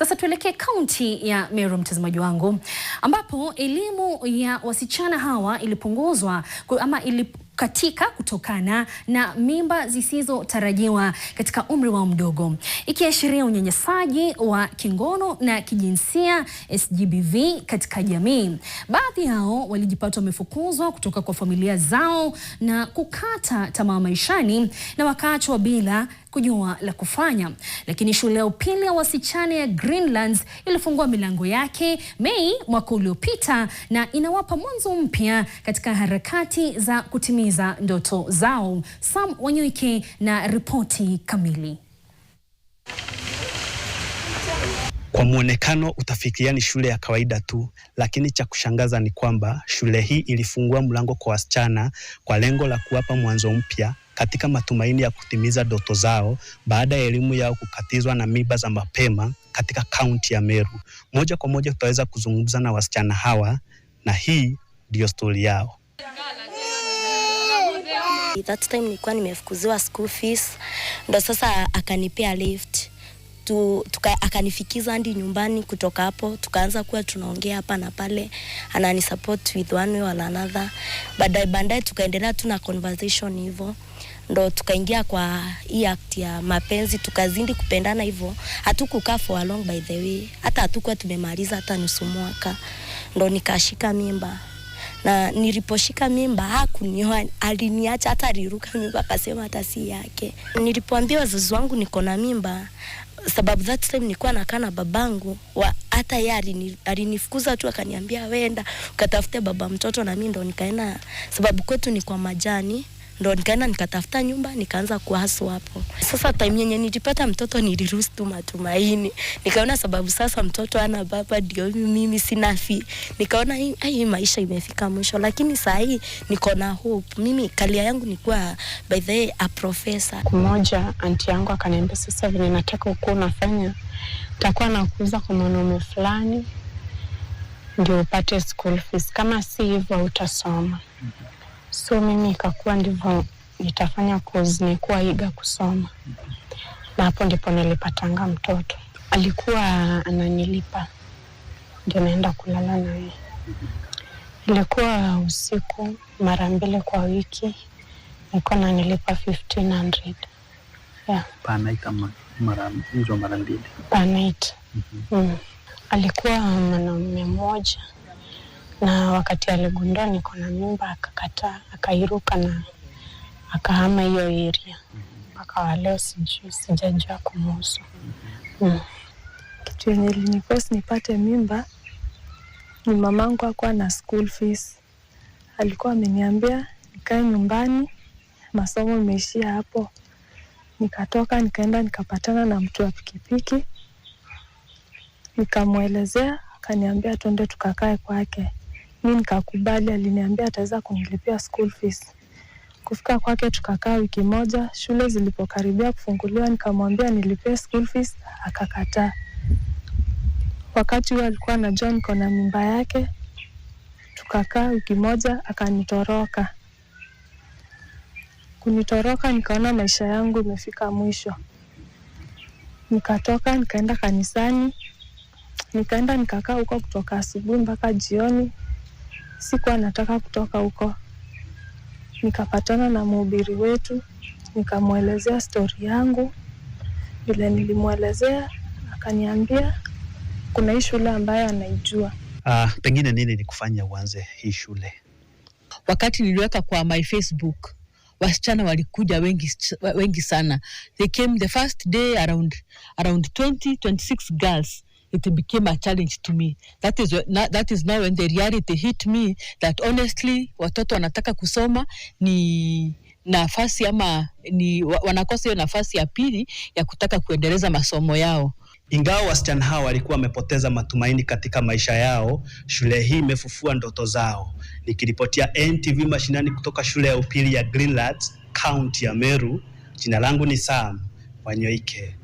Sasa tuelekee kaunti ya Meru, mtazamaji wangu, ambapo elimu ya wasichana hawa ilipunguzwa ama ilip katika kutokana na mimba zisizotarajiwa katika umri wao mdogo, ikiashiria unyanyasaji wa kingono na kijinsia SGBV katika jamii. Baadhi yao walijipata wamefukuzwa kutoka kwa familia zao na kukata tamaa maishani na wakaachwa bila kujua la kufanya. Lakini shule ya upili ya wasichana ya Greenlands ilifungua milango yake Mei mwaka uliopita na inawapa mwanzo mpya katika harakati za kutimiza ndoto zao. Sam Wanyuike na ripoti kamili. Kwa mwonekano utafikiria ni shule ya kawaida tu, lakini cha kushangaza ni kwamba shule hii ilifungua mlango kwa wasichana kwa lengo la kuwapa mwanzo mpya katika matumaini ya kutimiza ndoto zao baada ya elimu yao kukatizwa na miba za mapema katika kaunti ya Meru. Moja kwa moja tutaweza kuzungumza na wasichana hawa na hii ndiyo stori yao. That time nilikuwa nimefukuziwa school fees, ndo sasa akanipea lift tu, tuka, akanifikiza hadi nyumbani. Kutoka hapo tukaanza kuwa tunaongea hapa na pale, support with one way or another. Baadaye baadaye tukaendelea tu na conversation hivyo ndo tukaingia kwa hii act ya mapenzi, tukazindi kupendana hivyo. Hatukukaa for a long by the way, hata hatukuwa tumemaliza hata nusu mwaka, ndo nikashika mimba na niliposhika mimba hakunioa, aliniacha hata aliruka mimba akasema hata si yake. Nilipoambia wazazi wangu niko na mimba, sababu that time nilikuwa nakaa na babangu wa, hata yeye alinifukuza tu akaniambia, wenda ukatafute baba mtoto, na mimi ndo nikaenda, sababu kwetu ni kwa majani ndo nikaenda nikatafuta nyumba nikaanza kuhasu hapo. Sasa time yenye nilipata mtoto niliruhusu tu matumaini, nikaona sababu sasa mtoto ana baba ndio mimi sina fi, nikaona hii ah, maisha imefika mwisho, lakini saa hii niko na hope. Mimi kalia yangu nikuwa by the way a professor. Kumoja anti yangu akaniambia, sasa vile nataka ukuwa unafanya takuwa nakuuza kwa mwanaume fulani ndio upate school fees, kama si hivyo utasoma. mm -hmm so mimi ikakuwa ndivyo nitafanya kozi, nikuwa iga kusoma, na hapo ndipo nilipatanga mtoto. Alikuwa ananilipa ndio naenda kulala naye. Ilikuwa usiku mara mbili kwa wiki, nikuwa nanilipa 1500 yeah. Mara mbili. Mm -hmm. Mm. Alikuwa mwanaume mmoja na wakati aligundua niko na mimba akakataa, akairuka na akahama hiyo area mpaka wa leo sijui, sijajua kumuhusu mm. Kitu yenye linifesi nipate mimba ni mamangu akuwa na school fees, alikuwa ameniambia nikae nyumbani, masomo imeishia hapo. Nikatoka nikaenda nikapatana na mtu wa pikipiki, nikamwelezea, akaniambia tuende tukakae kwake mi nikakubali, aliniambia ataweza kunilipia school fees. Kufika kwake tukakaa wiki moja, shule zilipokaribia kufunguliwa nikamwambia nilipie school fees, akakataa. Wakati huo alikuwa anajua niko na mimba yake, tukakaa wiki moja, akanitoroka. Kunitoroka nikaona maisha yangu imefika mwisho, nikatoka nikaenda kanisani, nikaenda nikakaa huko kutoka asubuhi mpaka jioni sikuwa nataka kutoka huko. Nikapatana na mhubiri wetu, nikamwelezea stori yangu. Vile nilimwelezea, akaniambia kuna hii shule ambayo anaijua. Ah, pengine nini ni kufanya uanze hii shule? Wakati niliweka kwa my Facebook, wasichana walikuja wengi, wengi sana. They came the first day around, around 20, 26 girls it became a challenge to me. That is, that is now when the reality hit me that honestly watoto wanataka kusoma ni nafasi ama ni wanakosa hiyo nafasi ya pili ya kutaka kuendeleza masomo yao. Ingawa wasichana hao walikuwa wamepoteza matumaini katika maisha yao, shule hii imefufua ndoto zao. Nikiripotia NTV mashinani kutoka shule ya upili ya Greenlands, county ya Meru, jina langu ni Sam Wanyoike.